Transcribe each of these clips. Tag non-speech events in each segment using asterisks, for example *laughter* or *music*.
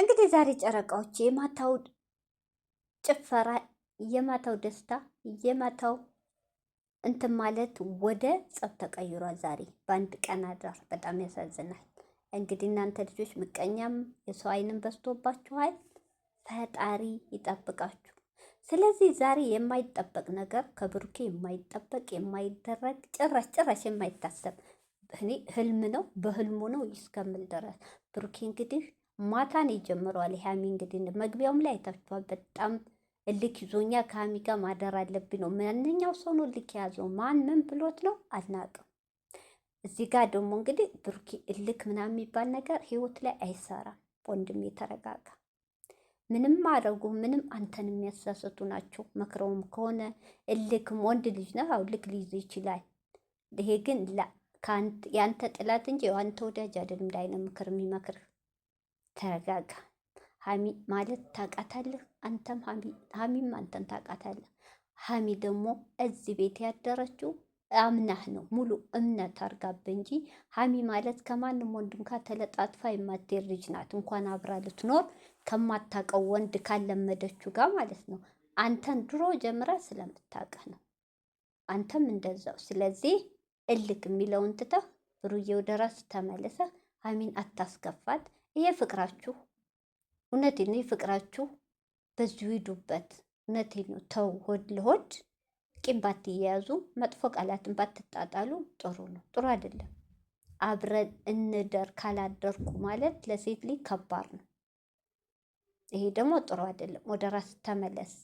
እንግዲህ ዛሬ ጨረቃዎች የማታው ጭፈራ፣ የማታው ደስታ፣ የማታው እንትን ማለት ወደ ጸብ ተቀይሯል። ዛሬ በአንድ ቀን አድራር በጣም ያሳዝናል። እንግዲህ እናንተ ልጆች ምቀኛም የሰው አይንም በዝቶባችኋል። ፈጣሪ ይጠብቃችሁ። ስለዚህ ዛሬ የማይጠበቅ ነገር ከብሩኬ የማይጠበቅ የማይደረግ ጭራሽ ጭራሽ የማይታሰብ እኔ ህልም ነው በህልሙ ነው ይስከምል ድረስ ብሩኬ እንግዲህ ማታን ይጀምረዋል። ሃሚ እንግዲህ መግቢያውም ላይ አይታችኋል። በጣም እልክ ይዞኛ ከሃሚ ጋር ማደር አለብኝ ነው። ማንኛው ሰው ነው እልክ የያዘው? ማን ምን ብሎት ነው አልናቅም። እዚህ ጋር ደግሞ እንግዲህ ብሩኪ እልክ ምናምን የሚባል ነገር ህይወት ላይ አይሰራም። ወንድም የተረጋጋ ምንም አረጉ ምንም አንተን የሚያሳስቱ ናቸው። መክረውም ከሆነ እልክም ወንድ ልጅ ነው አው ልክ ሊይዝ ይችላል። ይሄ ግን ያንተ ጥላት እንጂ አንተ ወዳጅ አይደለም። ዳይነ ምክር የሚመክር ተረጋጋ። ሀሚ ማለት ታውቃታለህ፣ አንተም ሀሚም አንተን ታውቃታለህ። ሀሚ ደግሞ እዚህ ቤት ያደረችው አምናህ ነው ሙሉ እምነት አርጋብ እንጂ ሀሚ ማለት ከማንም ወንድም ጋር ተለጣጥፋ የማትሄድ ልጅ ናት። እንኳን አብራ ልትኖር ከማታውቀው ወንድ ካለመደችው ጋር ማለት ነው። አንተን ድሮ ጀምራ ስለምታውቅህ ነው። አንተም እንደዛው። ስለዚህ እልክ የሚለውን ትተህ ብሩዬ ወደ ተመልሰህ ሀሚን አታስከፋት። ይሄ ፍቅራችሁ እውነቴን ነው። ይሄ ፍቅራችሁ በዚሁ ሂዱበት። እውነቴን ነው። ተው ሆድ ለሆድ ቂም ባትያያዙ፣ መጥፎ ቃላትን ባትጣጣሉ ጥሩ ነው። ጥሩ አይደለም። አብረን እንደር ካላደርኩ ማለት ለሴት ልጅ ከባድ ነው። ይሄ ደግሞ ጥሩ አይደለም። ወደ ራስ ተመለስ።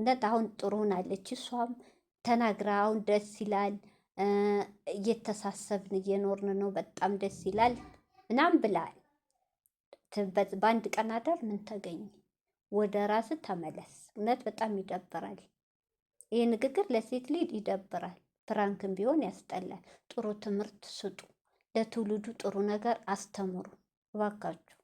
እውነት አሁን ጥሩ ናለች እሷም ተናግራ አሁን ደስ ይላል፣ እየተሳሰብን እየኖርን ነው፣ በጣም ደስ ይላል ምናምን ብላል። በአንድ ቀን አዳር ምን ተገኘ? ወደ ራስ ተመለስ። እውነት በጣም ይደብራል። ይህ ንግግር ለሴት ልጅ ይደብራል። ፕራንክም ቢሆን ያስጠላል። ጥሩ ትምህርት ስጡ። ለትውልዱ ጥሩ ነገር አስተምሩ እባካችሁ።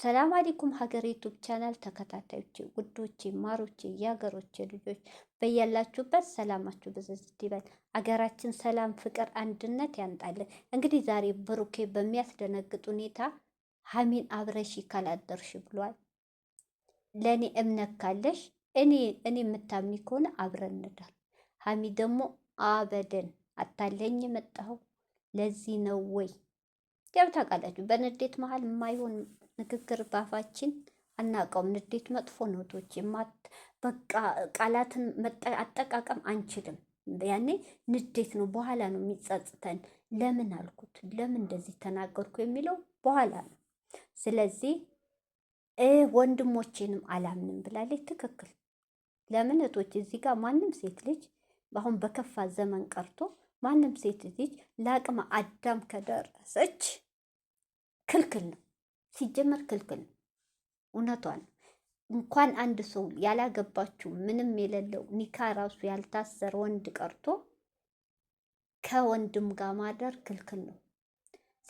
ሰላም አለይኩም ሀገሬ ዩቱብ ቻናል ተከታታዮቼ፣ ውዶቼ፣ ማሮቼ፣ የሀገሮቼ ልጆች በያላችሁበት ሰላማችሁ ብዝዝት ይበል። አገራችን ሰላም፣ ፍቅር፣ አንድነት ያምጣልን። እንግዲህ ዛሬ ብሩኬ በሚያስደነግጥ ሁኔታ ሀሚን አብረሽ ካላደርሽ ብሏል። ለእኔ እምነት ካለሽ እኔ እኔ የምታምኒ ከሆነ አብረን ሀሚ ደግሞ አበደን አታለኝ የመጣኸው ለዚህ ነው ወይ ያብ ታውቃላችሁ። በንዴት መሀል የማይሆን ንግግር ባፋችን አናውቀውም። ንዴት መጥፎ ነው። ቶች በቃ ቃላትን አጠቃቀም አንችልም። ያኔ ንዴት ነው። በኋላ ነው የሚጸጽተን። ለምን አልኩት፣ ለምን እንደዚህ ተናገርኩ የሚለው በኋላ ነው። ስለዚህ ወንድሞቼንም አላምንም ብላለች። ትክክል። ለምን እህቶች፣ እዚህ ጋር ማንም ሴት ልጅ አሁን በከፋ ዘመን ቀርቶ ማንም ሴት ልጅ ለአቅመ አዳም ከደረሰች ክልክል ነው፣ ሲጀመር ክልክል ነው። እውነቷን እንኳን አንድ ሰው ያላገባችው ምንም የሌለው ኒካ ራሱ ያልታሰረ ወንድ ቀርቶ ከወንድም ጋር ማደር ክልክል ነው።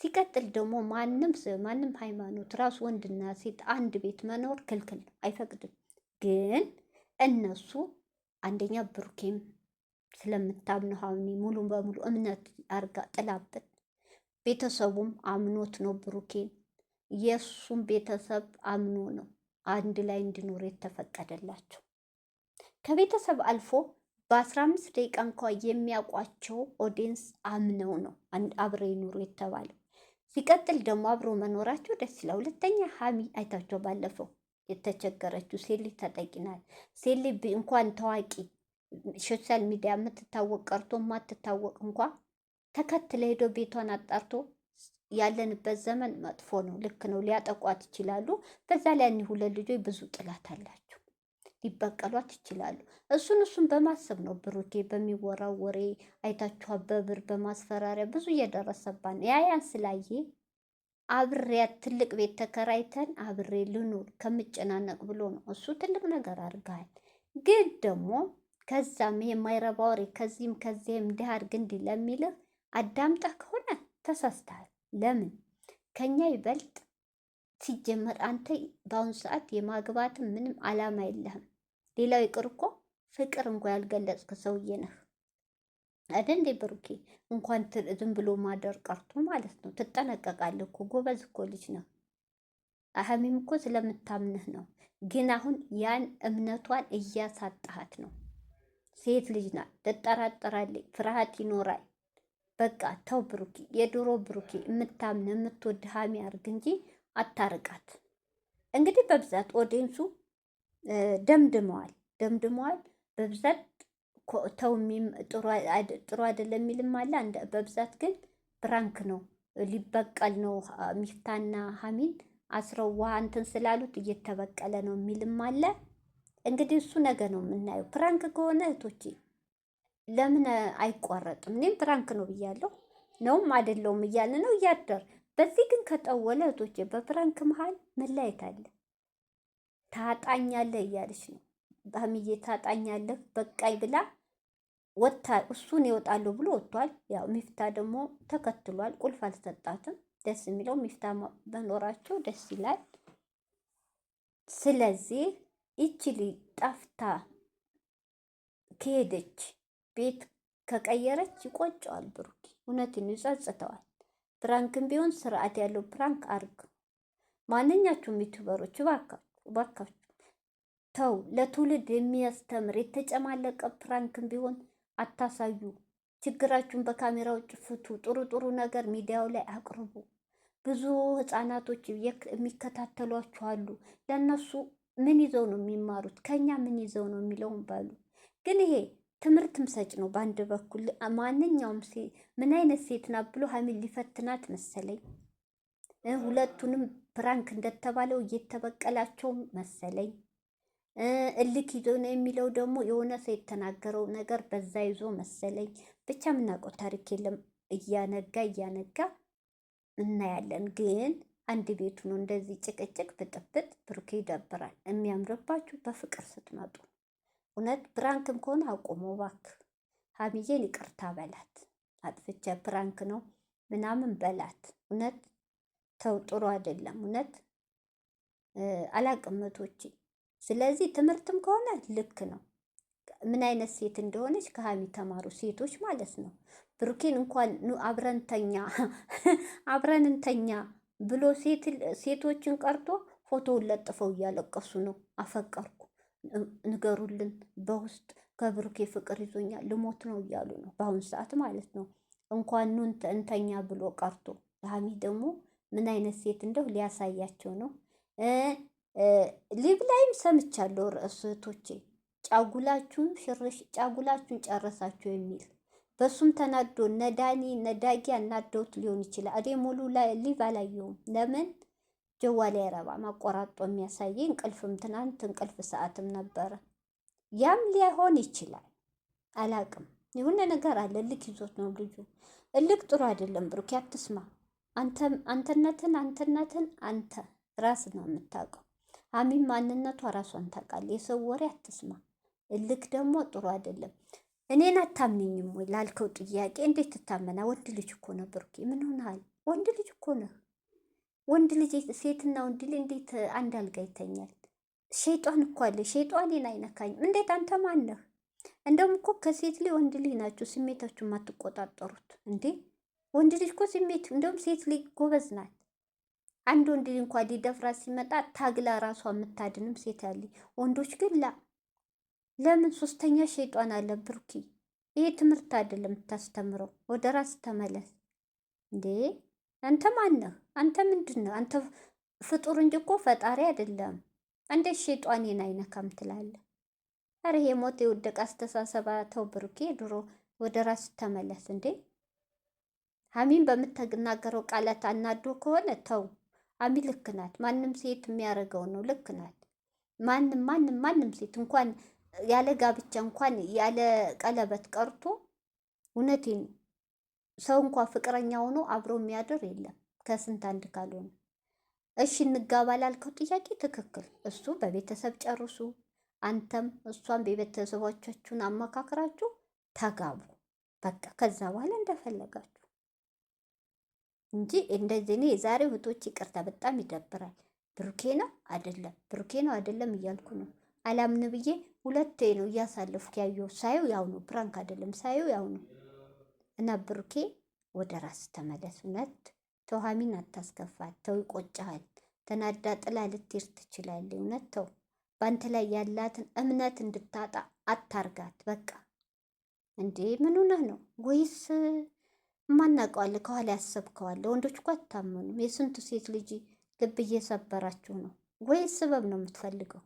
ሲቀጥል ደግሞ ማንም ማንም ሃይማኖት ራሱ ወንድና ሴት አንድ ቤት መኖር ክልክል ነው፣ አይፈቅድም። ግን እነሱ አንደኛ ብሩኬም ስለምታምነው ሀኒ ሙሉ በሙሉ እምነት አርጋ ጥላበት ቤተሰቡም አምኖት ነው ብሩኬን የእሱም ቤተሰብ አምኖ ነው አንድ ላይ እንዲኖር የተፈቀደላቸው። ከቤተሰብ አልፎ በአስራ አምስት ደቂቃ እንኳ የሚያውቋቸው ኦዲንስ አምነው ነው አብረ ይኑሩ የተባለው። ሲቀጥል ደግሞ አብሮ መኖራቸው ደስ ይላል። ሁለተኛ ሀሚ አይታቸው ባለፈው የተቸገረችው ሴሊ ተጠቂናል። ሴሊ እንኳን ታዋቂ ሶሻል ሚዲያ የምትታወቅ ቀርቶ ማትታወቅ እንኳ ተከትለ ሄዶ ቤቷን አጣርቶ ያለንበት ዘመን መጥፎ ነው። ልክ ነው። ሊያጠቋት ይችላሉ። በዛ ላይ ሁለት ልጆች ብዙ ጥላት አላቸው። ሊበቀሏት ይችላሉ። እሱን እሱን በማሰብ ነው ብሩኬ በሚወራው ወሬ አይታችኋ፣ በብር በማስፈራሪያ ብዙ እየደረሰባን ያያን ስላየ አብሬያት ትልቅ ቤት ተከራይተን አብሬ ልኑር ከምጨናነቅ ብሎ ነው። እሱ ትልቅ ነገር አድርገሃል። ግን ደግሞ ከዛም የማይረባ ወሬ ከዚህም ከዚህም እንዲህ አድርግ እንዲህ ለሚልህ አዳምጠህ ከሆነ ተሳስተሃል። ለምን ከኛ ይበልጥ ሲጀመር አንተ በአሁኑ ሰዓት የማግባትም ምንም አላማ የለህም። ሌላው ይቅር እኮ ፍቅር እንኳ ያልገለጽክ ሰውዬ ነህ አይደል እንዴ ብሩኬ? እንኳን ዝም ብሎ ማደር ቀርቶ ማለት ነው። ትጠነቀቃለህ እኮ ጎበዝ እኮ ልጅ ነው። አህሚም እኮ ስለምታምንህ ነው። ግን አሁን ያን እምነቷን እያሳጣሃት ነው። ሴት ልጅ ናት፣ ትጠራጠራለች፣ ፍርሃት ይኖራል። በቃ ተው ብሩኬ፣ የድሮ ብሩኬ የምታምን የምትወድ ሀሚ አርግ እንጂ አታርቃት። እንግዲህ በብዛት ኦዴንሱ ደምድመዋል ደምድመዋል። በብዛት ተው ጥሩ አይደለም የሚልም አለ። በብዛት ግን ብራንክ ነው ሊበቀል ነው ሚፍታና ሀሚን አስረው ውሃ እንትን ስላሉት እየተበቀለ ነው የሚልም አለ። እንግዲህ እሱ ነገ ነው የምናየው። ፕራንክ ከሆነ እህቶቼ ለምን አይቋረጥም? እኔም ፕራንክ ነው ብያለሁ ነውም አይደለውም እያለ ነው እያደር። በዚህ ግን ከጠወለ እህቶቼ በፕራንክ መሀል መለየት አለ። ታጣኛለህ እያለች ነው። ሀይሚዬ ታጣኛለህ በቃኝ ብላ ወታ እሱን ይወጣለሁ ብሎ ወጥቷል። ያው ሚፍታ ደግሞ ተከትሏል። ቁልፍ አልሰጣትም ደስ የሚለው ሚፍታ መኖራቸው ደስ ይላል። ስለዚህ ይቺ ልጅ ጠፍታ ከሄደች ቤት ከቀየረች ይቆጨዋል። ብሩክ እውነትን ይጸጽተዋል። ፕራንክም ቢሆን ስርዓት ያለው ፕራንክ አርግ። ማንኛችሁም ዩቱበሮች እባካችሁ ባካችሁ ተው። ለትውልድ የሚያስተምር የተጨማለቀ ፕራንክም ቢሆን አታሳዩ። ችግራችሁን በካሜራ ውጭ ፍቱ። ጥሩ ጥሩ ነገር ሚዲያው ላይ አቅርቡ። ብዙ ህጻናቶች የሚከታተሏችሁ አሉ። ለእነሱ ምን ይዘው ነው የሚማሩት? ከኛ ምን ይዘው ነው የሚለውም ባሉ ግን ይሄ ትምህርትም ሰጭ ነው። በአንድ በኩል ማንኛውም ሴ ምን አይነት ሴት ናት ብሎ ሀሚል ሊፈትናት መሰለኝ ሁለቱንም ፕራንክ እንደተባለው እየተበቀላቸው መሰለኝ። እልክ ይዞ ነው የሚለው ደግሞ የሆነ ሰው የተናገረው ነገር በዛ ይዞ መሰለኝ። ብቻ የምናውቀው ታሪክ የለም። እያነጋ እያነጋ እናያለን። ግን አንድ ቤቱ ነው እንደዚህ ጭቅጭቅ፣ ብጥብጥ ብሩኬ ይደብራል። የሚያምርባችሁ በፍቅር ስትመጡ እውነት። ፕራንክም ከሆነ አቁሞ ባክ ሀሚዬን ይቅርታ በላት። አጥፍቼ ፕራንክ ነው ምናምን በላት እውነት ተው ጥሩ አይደለም። እውነት አላቅመቶች። ስለዚህ ትምህርትም ከሆነ ልክ ነው። ምን አይነት ሴት እንደሆነች ከሀሚ ተማሩ፣ ሴቶች ማለት ነው። ብሩኬን እንኳን ኑ አብረን ተኛ *laughs* አብረን እንተኛ ብሎ ሴቶችን ቀርቶ ፎቶውን ለጥፈው እያለቀሱ ነው። አፈቀርኩ ንገሩልን፣ በውስጥ ከብሩኬ ፍቅር ይዞኛ ልሞት ነው እያሉ ነው በአሁኑ ሰዓት ማለት ነው። እንኳን ኑ እንተኛ ብሎ ቀርቶ ለሀሚ ደግሞ ምን አይነት ሴት እንደው ሊያሳያቸው ነው። ሊብ ላይም ሰምቻለሁ ርዕስ እህቶቼ ጫጉላችሁን ሽርሽ ጫጉላችሁን ጨረሳችሁ የሚል በሱም ተናዶ ነዳኒ ነዳጊ አናደውት ሊሆን ይችላል። እኔ ሙሉ ሊቭ አላየሁም። ለምን ጀዋ ላይ ረባ ማቆራጦ የሚያሳየ እንቅልፍም ትናንት እንቅልፍ ሰዓትም ነበረ። ያም ሊሆን ይችላል አላቅም። የሆነ ነገር አለ። እልክ ይዞት ነው ልጁ። እልክ ጥሩ አይደለም። ብሩክ ያትስማ አንተነትን አንተነትን አንተ ራስ ነው የምታውቀው። ሀሚም ማንነቷ ራሷን ታውቃለች። የሰው ወሬ አትስማ። እልክ ደግሞ ጥሩ አይደለም። እኔን አታምኝም ወይ ላልከው ጥያቄ እንዴት ትታመና? ወንድ ልጅ እኮ ነው ብሩኬ። ምን ሆነሃል? ወንድ ልጅ እኮ ነው። ወንድ ልጅ ሴትና ወንድ ልጅ እንዴት አንድ አልጋ ይተኛል? ሸይጧን እኮ አለ። ሸይጧኔን አይነካኝም። እንዴት አንተ ማነህ? እንደውም እኮ ከሴት ልጅ ወንድ ልጅ ናችሁ ስሜታችሁ የማትቆጣጠሩት እንዴ ወንድ ልጅ እኮ ስሜት እንደውም ሴት ልጅ ጎበዝ ናት። አንድ ወንድ ልጅ እንኳ ሊደፍራ ሲመጣ ታግላ ራሷ የምታድንም ሴት ያለ ወንዶች ግን ላ ለምን ሶስተኛ ሸይጧን አለ ብርኪ። ይሄ ትምህርት አይደለም የምታስተምረው። ወደ ራስ ተመለስ እንዴ! አንተ ማነህ? አንተ ምንድን ነው? አንተ ፍጡር እንጂ እኮ ፈጣሪ አይደለም። እንዴት ሸይጧኔን አይነካም ትላለህ? ኧረ የሞት የወደቀ አስተሳሰባ ተው ብርኪ። ድሮ ወደ ራስ ተመለስ እንዴ! ሀሚን በምትናገረው ቃላት አናዶ ከሆነ ተው። ሀሚ ልክ ናት። ማንም ሴት የሚያደርገው ነው። ልክ ናት። ማንም ማንም ማንም ሴት እንኳን ያለ ጋብቻ እንኳን ያለ ቀለበት ቀርቶ እውነቴን ሰው እንኳን ፍቅረኛ ሆኖ አብሮ የሚያድር የለም ከስንት አንድ ካልሆነ። እሺ እንጋባ ላልከው ጥያቄ ትክክል። እሱ በቤተሰብ ጨርሱ፣ አንተም እሷም በቤተሰቦቻችሁን አመካክራችሁ ተጋቡ። በቃ ከዛ በኋላ እንደፈለጋችሁ እንጂ እንደዚህ እኔ የዛሬ እህቶች ይቅርታ በጣም ይደብራል። ብሩኬ ነው አይደለም ብሩኬ ነው አይደለም እያልኩ ነው አላምን ብዬ ሁለቴ ነው እያሳለፍኩ ያየው ሳየው ያው ነው ፕራንክ አይደለም ሳየው ያው ነው እና ብሩኬ ወደ ራስ ተመለስ። እውነት ተው፣ ሀሚን አታስከፋት። ተው፣ ይቆጫሃል። ተናዳ ጥላ ልትሄድ ትችላለች። እውነት ተው፣ በአንተ ላይ ያላትን እምነት እንድታጣ አታርጋት። በቃ እንዴ ምን ሆነህ ነው ወይስ ማናቀዋለ ከኋላ ያሰብከዋለ። ወንዶች እኮ አታመኑም። የስንቱ ሴት ልጅ ልብ እየሰበራችሁ ነው። ወይ ስበብ ነው የምትፈልገው?